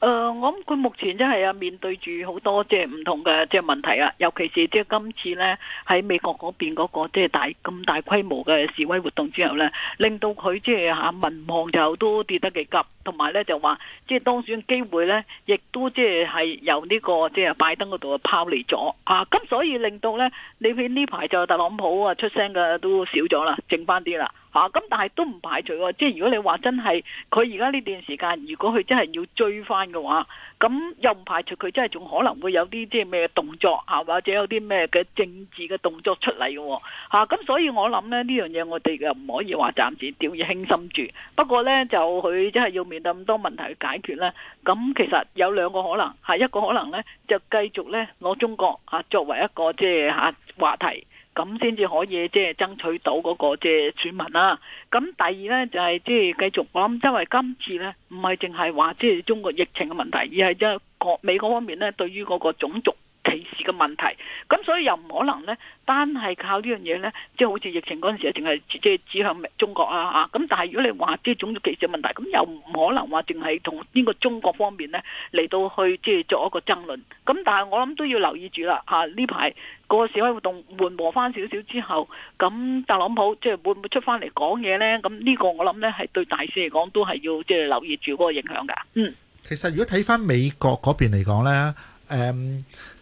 誒、呃，我諗佢目前真係啊，面對住好多即係唔同嘅，即係問題啊，尤其是即係今次呢喺美國嗰邊嗰個即係大咁大規模嘅示威活動之後呢，令到佢即係吓民望就都跌得幾急，同埋呢就話即係當選機會呢亦都即係係由呢個即係拜登嗰度拋離咗啊，咁所以令到呢，你見呢排就特朗普啊出聲嘅都少咗啦，剩翻啲啦。吓咁、啊，但係都唔排除喎、哦，即、就、係、是、如果你話真係佢而家呢段時間，如果佢真係要追翻嘅話，咁又唔排除佢真係仲可能會有啲即係咩動作吓、啊，或者有啲咩嘅政治嘅動作出嚟嘅、哦，吓、啊、咁所以我諗咧呢樣嘢、這個、我哋又唔可以話暫時掉以輕心住。不過呢，就佢真係要面對咁多問題去解決呢。咁其實有兩個可能，吓一個可能呢，就繼續呢攞中國啊作為一個即係吓話題。咁先至可以即係爭取到嗰個即係選民啦、啊。咁第二呢就係即係繼續，我諗因為今次呢唔係淨係話即係中國疫情嘅問題，而係即係國美國方面呢對於嗰個種族。歧視嘅問題，咁所以又唔可能呢單係靠呢樣嘢呢，即係好似疫情嗰陣時啊，淨係即係指向中國啊嚇。咁但係如果你話即係種族歧視問題，咁又唔可能話淨係同呢個中國方面呢嚟到去即係作一個爭論。咁但係我諗都要留意住啦嚇。呢排個社會活動緩和翻少少之後，咁特朗普即係會唔會出翻嚟講嘢呢？咁呢個我諗呢係對大市嚟講都係要即係留意住嗰個影響㗎。嗯，其實如果睇翻美國嗰邊嚟講呢。誒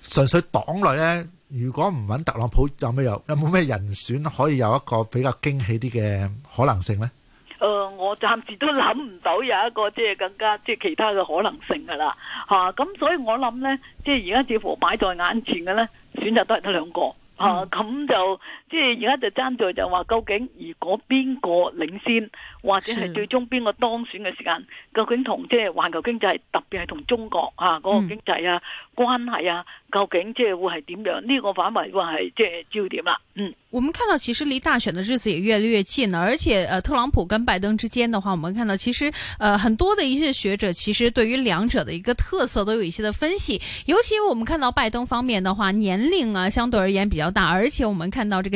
純粹黨內咧，如果唔揾特朗普有咩有有冇咩人選可以有一個比較驚喜啲嘅可能性咧？誒，我暫時都諗唔到有一個即係更加即係其他嘅可能性㗎啦吓。咁所以我諗咧，即係而家似乎擺在眼前嘅咧，選擇都係得兩個吓，咁就。即係而家就爭在就話究竟如果邊個領先或者係最終邊個當選嘅時間，究竟同即係環球經濟特別係同中國啊嗰個經濟啊關係啊，究竟即係會係點樣？呢個反為話係即係焦點啦。嗯，我們看到其實離大選嘅日子也越來越近啦，而且誒特朗普跟拜登之間的話，我們看到其實呃很多的一些學者其實對於兩者的一個特色都有一些的分析，尤其我們看到拜登方面的話，年齡啊相對而言比較大，而且我們看到這個。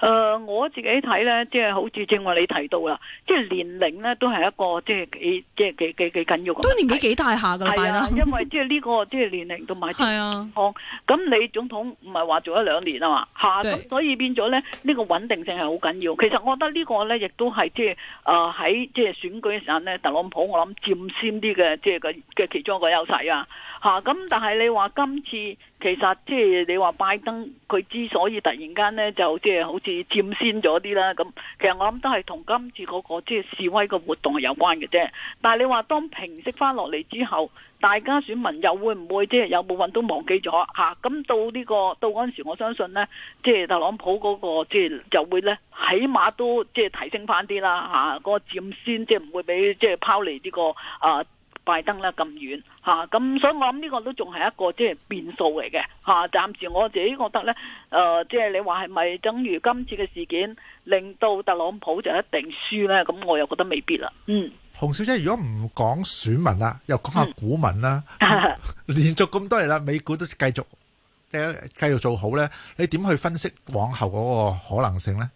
誒、呃，我自己睇咧，即係好似正話你提到啦，即係年齡咧都係一個即係幾即係幾幾幾緊要。都年紀幾大下噶啦，係啊拜登， 因為即係、這、呢個即係年齡同埋健康。咁 你總統唔係話做咗兩年對啊嘛，吓，所以變咗咧呢、這個穩定性係好緊要。其實我覺得個呢個咧亦都係即係誒喺即係選舉嘅時候咧，特朗普我諗佔先啲嘅即係嘅嘅其中一個優勢啊。咁但係你話今次其實即係你話拜登佢之所以突然間咧就即係好似佔先咗啲啦，咁其實我諗都係同今次嗰個即係示威嘅活動係有關嘅啫。但係你話當平息翻落嚟之後，大家選民又會唔會即係有部分都忘記咗？咁到呢個到嗰陣時，我相信咧，即係特朗普嗰個即係就會咧，起碼都即係提升翻啲啦，嗰個佔先即係唔會俾即係拋離呢個啊。拜登咧咁遠吓，咁所以我諗呢個都仲係一個即係變數嚟嘅吓。暫時我自己覺得咧，誒，即係你話係咪等於今次嘅事件令到特朗普就一定輸咧？咁我又覺得未必啦。嗯，熊小姐，如果唔講選民啦，又講下股民啦，連續咁多日啦，美股都繼續誒繼續做好咧，你點去分析往後嗰個可能性咧？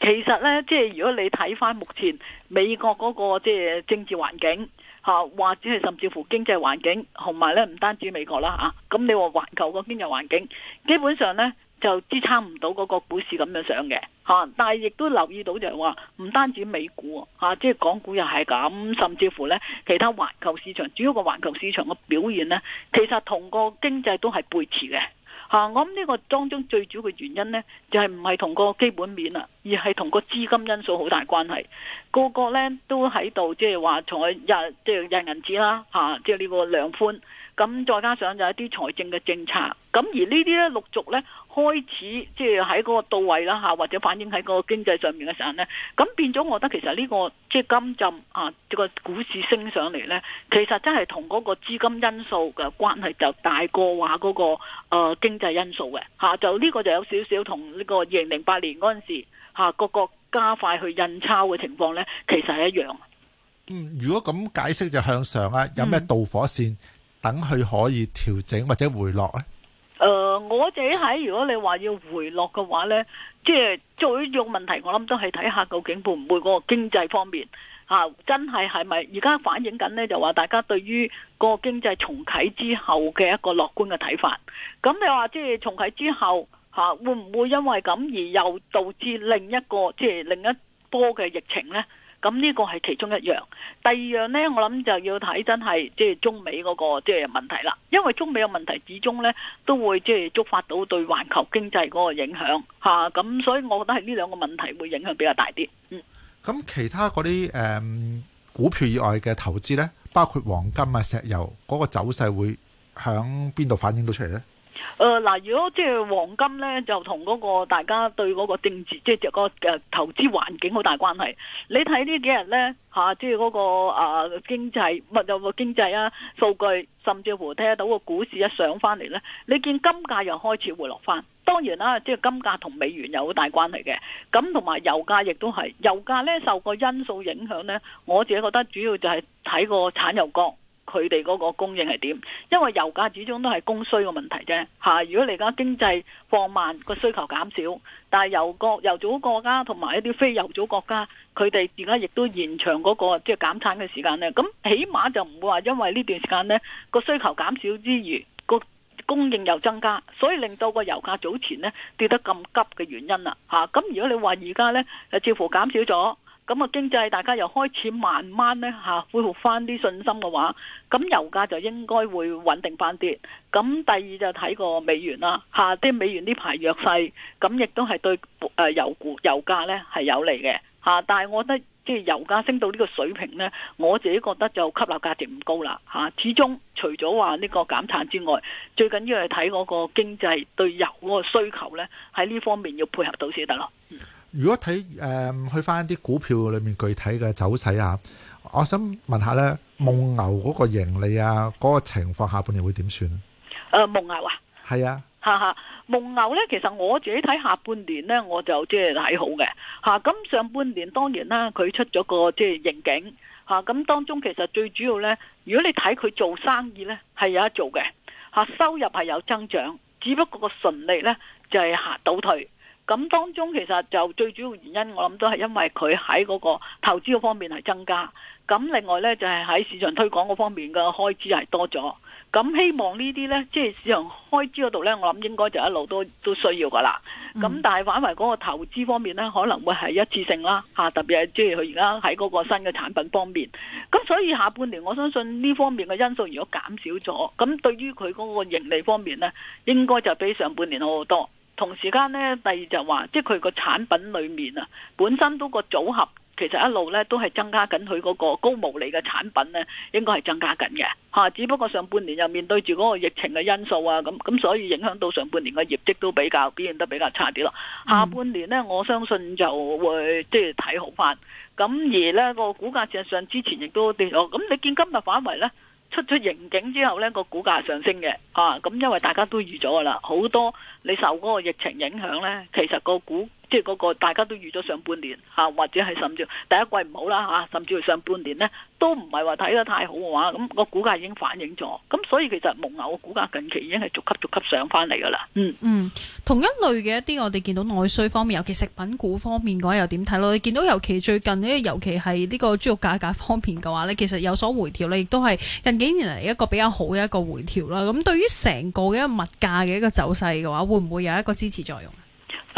其實咧，即係如果你睇翻目前美國嗰個即係政治環境。吓，或者係甚至乎經濟環境，同埋咧唔單止美國啦吓，咁你話環球個經濟環境，基本上咧就支撐唔到嗰個股市咁樣上嘅吓，但係亦都留意到就係話，唔單止美股吓，即係港股又係咁，甚至乎咧其他環球市場，主要個環球市場嘅表現咧，其實同個經濟都係背馳嘅。吓，我諗呢個當中最主要嘅原因呢，就係唔係同個基本面啦，而係同個資金因素好大關係。個個呢都喺度，即係話採入即係印銀紙啦，吓、就是，即係呢個量寬。咁再加上就一啲財政嘅政策。咁而呢啲咧，陸續咧開始即係喺嗰個到位啦嚇，或者反映喺個經濟上面嘅時候咧，咁變咗，我覺得其實呢個即係金針啊，個股市升上嚟咧，其實真係同嗰個資金因素嘅關係就大過話嗰個誒經濟因素嘅嚇，就呢個就有少少同呢個二零零八年嗰陣時嚇個個加快去印鈔嘅情況咧，其實係一樣。嗯，如果咁解釋就向上啊，有咩導火線等佢可以調整或者回落咧？誒、呃，我哋喺如果你話要回落嘅話呢，即係最重要問題，我諗都係睇下究竟會唔會嗰個經濟方面吓，真係係咪而家反映緊呢？就話，是啊，大家對於個經濟重啟之後嘅一個樂觀嘅睇法。咁你話即係重啟之後吓，啊，會唔會因為咁而又導致另一個即係、就是、另一波嘅疫情呢？咁呢個係其中一樣，第二樣呢，我諗就要睇真係即係中美嗰個即係問題啦，因為中美嘅問題始終呢都會即係觸發到對環球經濟嗰個影響吓，咁所以我覺得係呢兩個問題會影響比較大啲。嗯，咁其他嗰啲誒股票以外嘅投資呢，包括黃金啊、石油嗰個走勢會響邊度反映到出嚟呢？誒，嗱、呃，如果即係黃金咧，就同嗰個大家對嗰個政治，即係嗰個誒投資環境好大關係。你睇呢幾日咧，吓、啊，即係嗰個誒、啊、經濟，唔有個經濟啊數據，甚至乎睇得到個股市一上翻嚟咧，你見金價又開始回落翻。當然啦，即係金價同美元有好大關係嘅，咁同埋油價亦都係。油價咧受個因素影響咧，我自己覺得主要就係睇個產油國。佢哋嗰個供應係點，因為油價始終都係供需嘅問題啫。吓，如果你而家經濟放慢，個需求減少，但係油國、油組國家同埋一啲非油組國家，佢哋而家亦都延長嗰個即係減產嘅時間咧。咁起碼就唔會話，因為呢段時間咧個需求減少之餘個供應又增加，所以令到個油價早前咧跌得咁急嘅原因啦。吓，咁如果你話而家咧，誒似乎減少咗。咁啊，經濟大家又開始慢慢呢，吓恢復翻啲信心嘅話，咁油價就應該會穩定翻啲。咁第二就睇個美元啦，吓、啊、啲美元勢、呃、呢排弱勢，咁亦都係對誒油股油價呢係有利嘅吓、啊。但係我覺得即係、就是、油價升到呢個水平呢，我自己覺得就吸納價值唔高啦吓、啊。始終除咗話呢個減產之外，最緊要係睇嗰個經濟對油嗰個需求呢，喺呢方面要配合到先得咯。如果睇誒、嗯、去翻啲股票裏面具體嘅走勢啊，我想問下咧，蒙牛嗰個盈利啊，嗰、那個情況下半年會點算啊？誒、呃、蒙牛啊，係啊，哈哈，蒙牛咧，其實我自己睇下半年咧，我就即係睇好嘅嚇。咁、啊、上半年當然啦，佢出咗個即係盈警。嚇、啊，咁當中其實最主要咧，如果你睇佢做生意咧，係有得做嘅嚇、啊，收入係有增長，只不過個純利咧就係、是、下倒退。咁當中其實就最主要原因，我諗都係因為佢喺嗰個投資方面係增加，咁另外呢，就係喺市場推廣嗰方面嘅開支係多咗。咁希望呢啲呢，即係市場開支嗰度呢，我諗應該就一路都都需要㗎喇。咁但係反為嗰個投資方面呢，可能會係一次性啦，吓，特別係即係佢而家喺嗰個新嘅產品方面。咁所以下半年我相信呢方面嘅因素如果減少咗，咁對於佢嗰個盈利方面呢，應該就比上半年好好多。同時間呢，第二就話，即係佢個產品裡面啊，本身都個組合其實一路呢都係增加緊，佢嗰個高毛利嘅產品呢應該係增加緊嘅、啊、只不過上半年又面對住嗰個疫情嘅因素啊，咁咁所以影響到上半年嘅業績都比較表現得比較差啲咯。嗯、下半年呢，我相信就會即係睇好翻。咁而呢、個股價事實上之前亦都跌咗，咁你見今日反圍呢。出咗刑警之後呢，呢個股價上升嘅，啊，咁因為大家都預咗噶啦，好多你受嗰個疫情影響呢，其實個股。即係嗰個大家都預咗上半年嚇，或者係甚至第一季唔好啦嚇，甚至乎上半年咧都唔係話睇得太好嘅話，咁個股價已經反映咗。咁所以其實蒙牛嘅股價近期已經係逐級逐級上翻嚟噶啦。嗯嗯，同一類嘅一啲我哋見到內需方面，尤其食品股方面嘅話又點睇咯？你見到尤其最近呢，尤其係呢個豬肉價格方面嘅話咧，其實有所回調咧，亦都係近幾年嚟一個比較好嘅一個回調啦。咁對於成個嘅一個物價嘅一個走勢嘅話，會唔會有一個支持作用？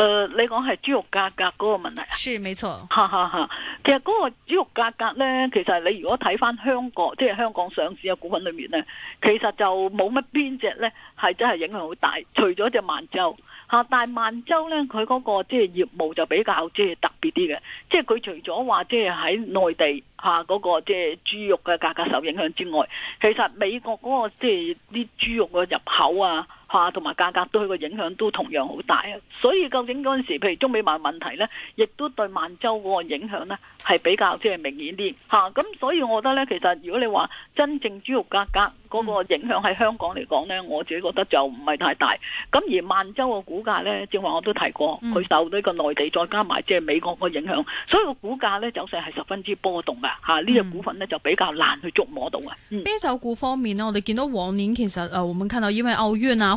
誒、呃，你講係豬肉價格嗰個問題啊？是，沒錯。哈哈哈，其實嗰個豬肉價格呢，其實你如果睇翻香港，即係香港上市嘅股份裏面呢，其實就冇乜邊隻呢係真係影響好大，除咗隻萬洲，吓，但係萬洲呢，佢嗰個即係業務就比較即係特別啲嘅，即係佢除咗話即係喺內地吓嗰、啊嗰個即係豬肉嘅價格受影響之外，其實美國嗰個即係啲豬肉嘅入口啊。嚇，同埋價格對佢個影響都同樣好大啊！所以究竟嗰陣時，譬如中美貿問題呢，亦都對萬洲嗰個影響呢，係比較即係明顯啲。咁所以我覺得呢，其實如果你話真正豬肉價格嗰個影響喺香港嚟講呢，我自己覺得就唔係太大。咁而萬洲個股價呢，正話我都提過，佢受一個內地再加埋即係美國個影響，所以個股價呢，走勢係十分之波動嘅呢、呢隻股份呢，就比較難去捉摸到啊。啤酒、嗯、股方面呢，我哋見到往年其實我唔看到，因為歐元啊。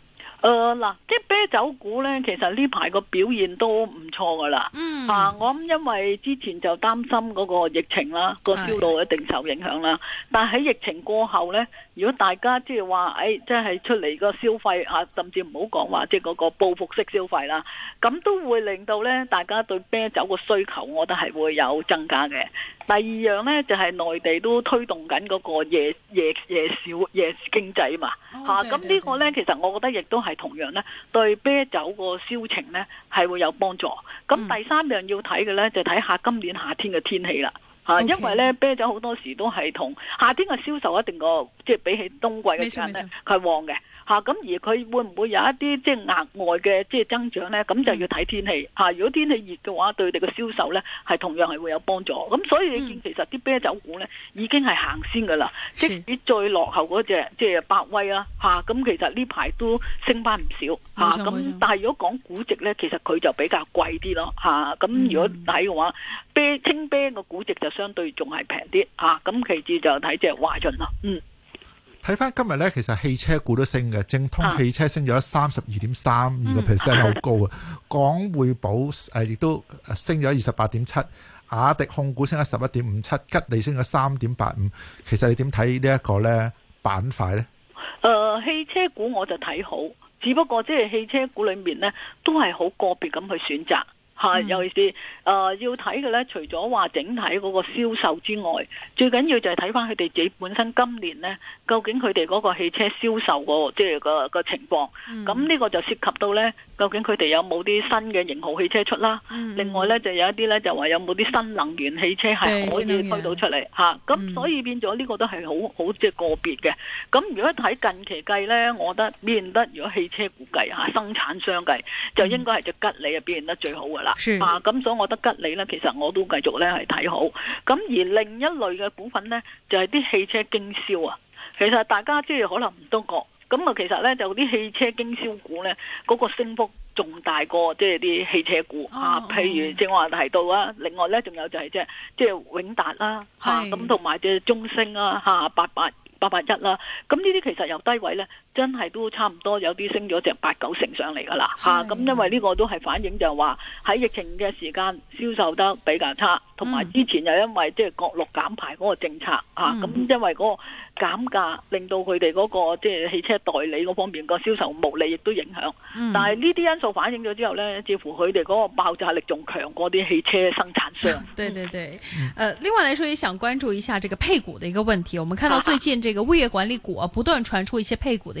誒，嗱、呃，即係啤酒股咧，其實呢排個表現都唔錯噶啦。嗯，啊，我諗因為之前就擔心嗰個疫情啦，的個銷路一定受影響啦。但係喺疫情過後咧，如果大家即係話，誒、哎，即係出嚟個消費啊，甚至唔好講話即係嗰個報復式消費啦，咁都會令到咧，大家對啤酒個需求，我覺得係會有增加嘅。第二樣呢，就係、是、內地都推動緊嗰個夜夜夜少夜市經濟嘛，吓，咁呢個呢，其實我覺得亦都係同樣呢，對啤酒個銷情呢係會有幫助。咁第三樣要睇嘅呢，嗯、就睇下今年夏天嘅天氣啦。吓，okay, 因為咧啤酒好多時都係同夏天嘅銷售一定個，即係比起冬季嘅間咧，佢係旺嘅。吓、啊，咁而佢會唔會有一啲即係額外嘅即係增長咧？咁就要睇天氣。吓、嗯，如果天氣熱嘅話，對你嘅銷售咧係同樣係會有幫助。咁所以你見、嗯、其實啲啤酒股咧已經係行先噶啦是，即使再落後嗰隻即係百威啦、啊，吓咁其實呢排都升翻唔少。吓，咁但係如果講估值咧，其實佢就比較貴啲咯。吓、啊，咁如果睇嘅話，嗯、啤清啤嘅估值就。相對仲係平啲啊！咁其次就睇隻華潤咯。嗯，睇翻今日咧，其實汽車股都升嘅，正通汽車升咗三十二點三二個 percent，好高啊！廣匯寶誒亦、呃、都升咗二十八點七，雅迪控股升咗十一點五七，吉利升咗三點八五。其實你點睇呢一個咧板塊咧？誒、呃，汽車股我就睇好，只不過即係汽車股裏面咧都係好個別咁去選擇。係，尤其是，誒、呃、要睇嘅咧，除咗話整體嗰個銷售之外，最緊要就係睇翻佢哋自己本身今年咧，究竟佢哋嗰個汽車銷售即個即係個個情況，咁呢個就涉及到咧。究竟佢哋有冇啲新嘅型號汽車出啦？嗯、另外呢，就有一啲呢，就話有冇啲新能源汽車係可以推到出嚟吓？咁所以變咗呢個都係好好即係個別嘅。咁如果睇近期計呢，我覺得變得如果汽車估計吓、啊，生產商計就應該係隻吉利啊表現得最好噶啦。的啊，咁所以我覺得吉利呢，其實我都繼續呢，係睇好。咁而另一類嘅股份呢，就係、是、啲汽車經銷啊。其實大家即係可能唔多覺。咁啊，其實咧就啲汽車經銷股咧，嗰個升幅仲大過即係啲汽車股、哦、啊。譬如正話提到啊，另外咧仲有就係即係即係永達啦、啊，咁同埋即係中升啦、啊，吓八八八八一啦。咁呢啲其實由低位咧。真係都差唔多有啲升咗成八九成上嚟噶啦吓，咁的、啊、因為呢個都係反映就話喺疫情嘅時間銷售得比較差，同埋、嗯、之前又因為即係國六減排嗰個政策吓，咁、嗯啊、因為嗰個減價令到佢哋嗰個即係汽車代理嗰方面個銷售毛利亦都影響。嗯、但係呢啲因素反映咗之後呢，似乎佢哋嗰個爆炸力仲強過啲汽車生產商。對對對，嗯呃、另外嚟說，也想關注一下這個配股的一個問題。我們看到最近這個物業管理股啊不斷傳出一些配股的。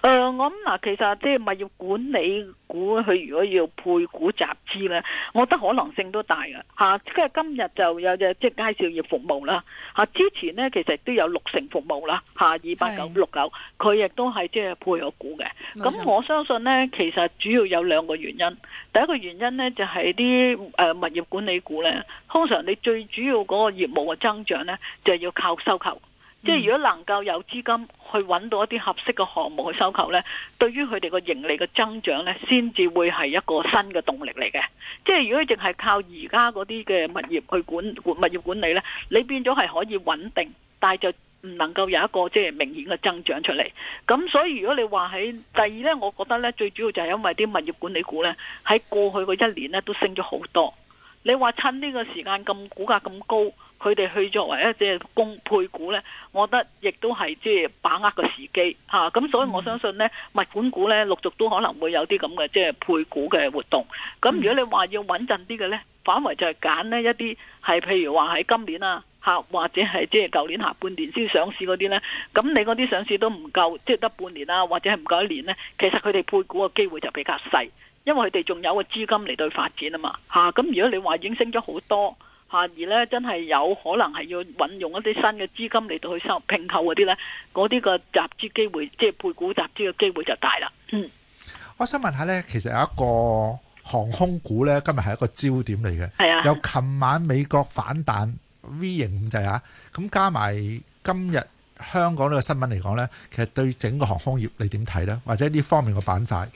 誒、呃，我諗嗱，其實即係物業管理股，佢如果要配股集資咧，我覺得可能性都大噶吓。即、啊、係今日就有隻即係介紹業服務啦，吓、啊、之前咧其實都有六成服務啦，吓二八九六九，佢亦都係即係配合股嘅。咁的我相信咧，其實主要有兩個原因。第一個原因咧就係啲誒物業管理股咧，通常你最主要嗰個業務嘅增長咧，就要靠收購。嗯，即係如果能夠有資金去揾到一啲合適嘅項目去收購呢，對於佢哋個盈利嘅增長呢，先至會係一個新嘅動力嚟嘅。即係如果淨係靠而家嗰啲嘅物業去管物業管理呢，你變咗係可以穩定，但係就唔能夠有一個即係明顯嘅增長出嚟。咁所以如果你話喺第二呢，我覺得呢最主要就係因為啲物業管理股呢，喺過去嗰一年呢都升咗好多。你話趁呢個時間咁股價咁高。佢哋去作為一隻供配股呢，我覺得亦都係即係把握個時機嚇。咁所以我相信呢，物管股呢，陸續都可能會有啲咁嘅即係配股嘅活動。咁如果你話要穩陣啲嘅呢，反為就係揀呢一啲係譬如話喺今年啊嚇，或者係即係舊年下半年先上市嗰啲呢。咁你嗰啲上市都唔夠，即係得半年啊，或者係唔夠一年呢。其實佢哋配股嘅機會就比較細，因為佢哋仲有個資金嚟到發展嘛啊嘛嚇。咁如果你話已經升咗好多。吓而咧，真係有可能係要運用一啲新嘅資金嚟到去收入拼購嗰啲咧，嗰啲個集資機會即係配股集資嘅機會就大啦。嗯，我想問下咧，其實有一個航空股咧，今日係一個焦點嚟嘅。係啊，有琴晚美國反彈 V 型五制啊，咁加埋今日香港呢個新聞嚟講咧，其實對整個航空業你點睇咧？或者呢方面個板塊？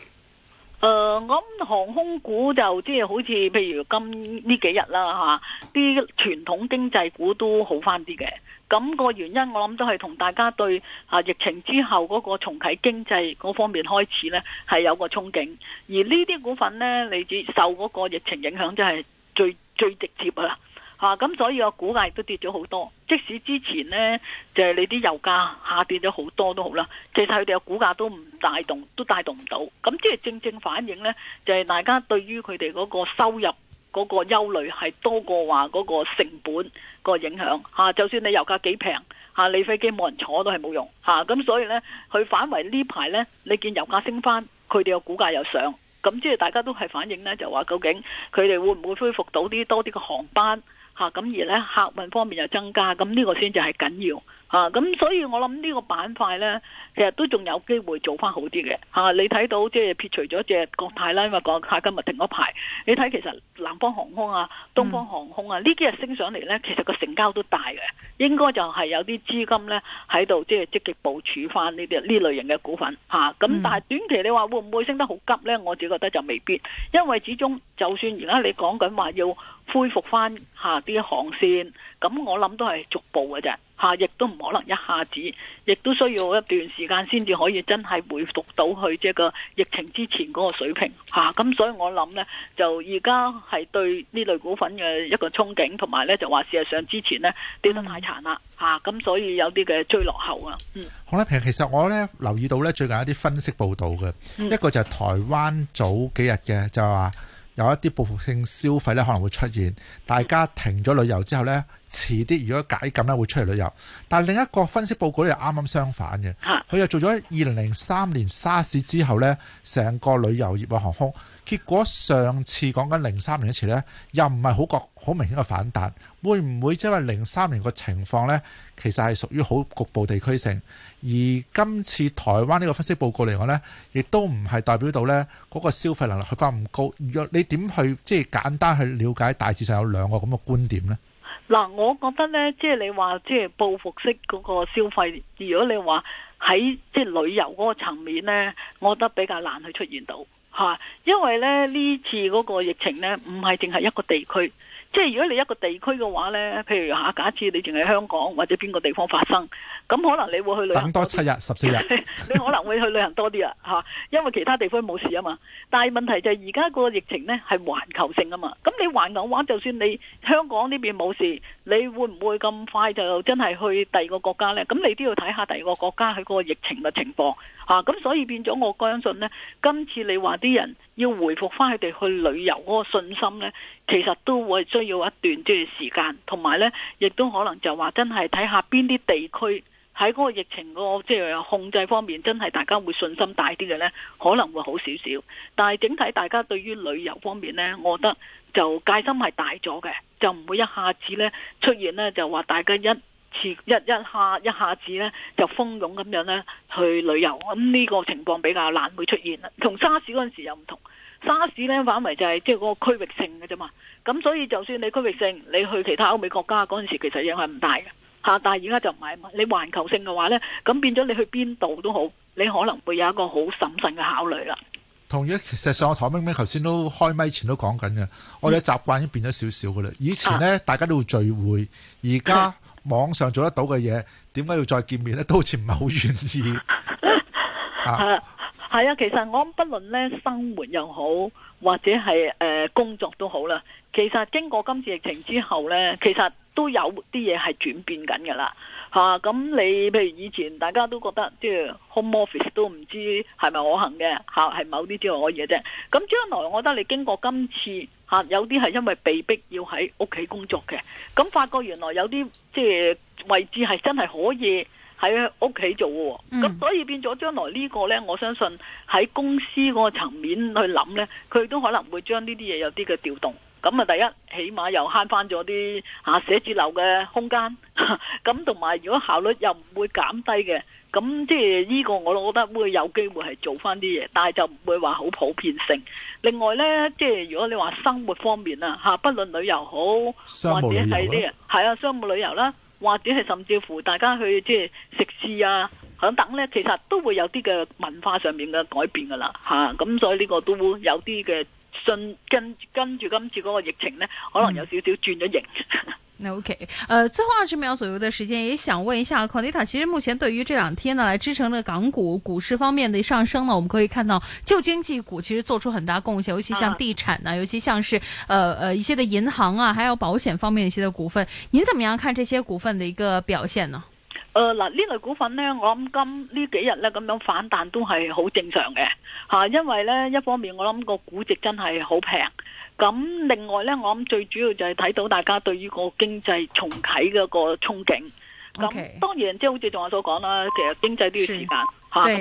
誒、呃，我諗航空股就即係好似譬如今呢幾日啦吓，啲、啊、傳統經濟股都好翻啲嘅。咁、那個原因我諗都係同大家對啊疫情之後嗰個重啟經濟嗰方面開始呢係有個憧憬。而呢啲股份呢，你知受嗰個疫情影響，真係最最直接㗎啦。咁、啊、所以個股價都跌咗好多。即使之前呢，就係、是、你啲油價下跌咗好多都好啦，其實佢哋嘅股價都唔帶動，都帶動唔到。咁即係正正反映呢，就係、是、大家對於佢哋嗰個收入嗰、那個憂慮係多過話嗰個成本個影響。吓、啊，就算你油價幾平，吓、啊、你飛機冇人坐都係冇用。吓、啊，咁所以呢，佢反為呢排呢，你見油價升返，佢哋嘅股價又上。咁即係大家都係反映咧，就話究竟佢哋會唔會恢復到啲多啲嘅航班嚇？咁而咧客運方面又增加，咁呢個先至係緊要。啊，咁所以我諗呢個板塊呢，其實都仲有機會做翻好啲嘅。嚇、啊，你睇到即係撇除咗隻國泰啦，因為國泰今日停咗牌。你睇其實南方航空啊、東方航空啊呢幾、嗯、日升上嚟呢，其實個成交都大嘅，應該就係有啲資金呢喺度即係積極部署翻呢啲呢類型嘅股份。嚇、啊，咁但係短期你話會唔會升得好急呢？我自己覺得就未必，因為始終就算而家你講緊話要恢復翻下啲航線，咁我諗都係逐步嘅啫。嚇！亦都唔可能一下子，亦都需要一段時間先至可以真係回復到佢即係個疫情之前嗰個水平嚇。咁所以我諗呢，就而家係對呢類股份嘅一個憧憬，同埋呢就話事實上之前呢，跌得太殘啦嚇。咁、嗯、所以有啲嘅追落後啊。嗯，好啦，其實我呢留意到呢，最近一啲分析報道嘅，嗯、一個就係台灣早幾日嘅就係話。有一啲報復性消費咧，可能會出現。大家停咗旅遊之後呢，遲啲如果解禁咧，會出嚟旅遊。但係另一個分析報告呢，又啱啱相反嘅。佢又做咗二零零三年沙士之後呢，成個旅遊業嘅航空。結果上次講緊零三年一次呢，又唔係好個好明顯嘅反彈，會唔會即係零三年個情況呢？其實係屬於好局部地區性。而今次台灣呢個分析報告嚟講呢，亦都唔係代表到呢嗰個消費能力去返唔高。若你點去即係簡單去了解，大致上有兩個咁嘅觀點呢。嗱，我覺得呢，即係你話即係報復式嗰個消費，如果你話喺即係旅遊嗰個層面呢，我覺得比較難去出現到。嚇！因為咧呢次嗰個疫情咧，唔係淨係一個地區。即係如果你一個地區嘅話呢，譬如吓假設你淨係香港或者邊個地方發生，咁可能你會去旅行多等多七日十四日， 你可能會去旅行多啲啊，吓，因為其他地方冇事啊嘛。但係問題就係而家個疫情呢係環球性啊嘛。咁你環球話，就算你香港呢邊冇事，你會唔會咁快就真係去第二個國家呢？咁你都要睇下第二個國家佢個疫情嘅情況啊。咁所以變咗，我相信呢，今次你話啲人。要回復翻佢哋去旅遊嗰個信心呢，其實都會需要一段即係時間，同埋呢，亦都可能就話真係睇下邊啲地區喺嗰個疫情個即係控制方面，真係大家會信心大啲嘅呢，可能會好少少。但係整體大家對於旅遊方面呢，我覺得就戒心係大咗嘅，就唔會一下子呢出現呢，就話大家一。一一下一下子呢，就蜂擁咁樣呢，去旅遊，咁、這、呢個情況比較難會出現啦。同沙士嗰陣時又唔同，沙士呢，反為就係即係嗰個區域性嘅啫嘛。咁所以就算你區域性，你去其他歐美國家嗰陣時，其實影響唔大嘅吓。但係而家就唔係，你環球性嘅話呢，咁變咗你去邊度都好，你可能會有一個好審慎嘅考慮啦。同意，其實上我唐冰冰頭先都開咪前都講緊嘅，我哋嘅習慣已經變咗少少噶啦。以前呢，大家都會聚會，而家、啊。在網上做得到嘅嘢，點解要再見面呢？都好似唔係好願意。係 啊，其實我諗不論咧生活又好，或者係誒、呃、工作都好啦。其實經過今次疫情之後呢，其實都有啲嘢係轉變緊嘅啦。吓、啊、咁，你譬如以前大家都覺得即係 home office 都唔知係咪可行嘅，吓，係某啲之外嘅嘢啫。咁將來我覺得你經過今次。啊！有啲係因為被逼要喺屋企工作嘅，咁發覺原來有啲即係位置係真係可以喺屋企做嘅，咁、嗯、所以變咗將來呢個呢，我相信喺公司嗰個層面去諗呢，佢都可能會將呢啲嘢有啲嘅調動。咁啊，第一起碼又慳翻咗啲啊寫字樓嘅空間，咁同埋如果效率又唔會減低嘅。咁即係呢個，我我覺得會有機會係做翻啲嘢，但係就唔會話好普遍性。另外呢，即係如果你話生活方面啦，吓不論旅遊好，生活旅遊或者係啲係啊，商務旅遊啦，或者係甚至乎大家去即係食肆啊等等呢，其實都會有啲嘅文化上面嘅改變噶啦，吓咁、啊、所以呢個都會有啲嘅信跟跟住今次嗰個疫情呢，可能有少少轉咗型、嗯。 OK，呃，最後二十秒左右的時間，也想問一下 Conita、啊、其實目前對於這兩天呢來支撐的港股股市方面的上升呢，我們可以看到舊經濟股其實做出很大貢獻，尤其像地產啊，尤其像是，呃，呃，一些的銀行啊，還有保險方面一些的股份，您怎麼樣看這些股份的一個表現呢？誒、呃，嗱，呢類股份呢，我諗今呢幾日呢，咁樣反彈都係好正常嘅，吓、啊，因為呢，一方面我諗個估值真係好平。咁另外咧，我諗最主要就係睇到大家對於個經濟重啟嘅個憧憬。咁 Okay. 當然即係好似仲有所講啦，其實經濟都要時間吓。的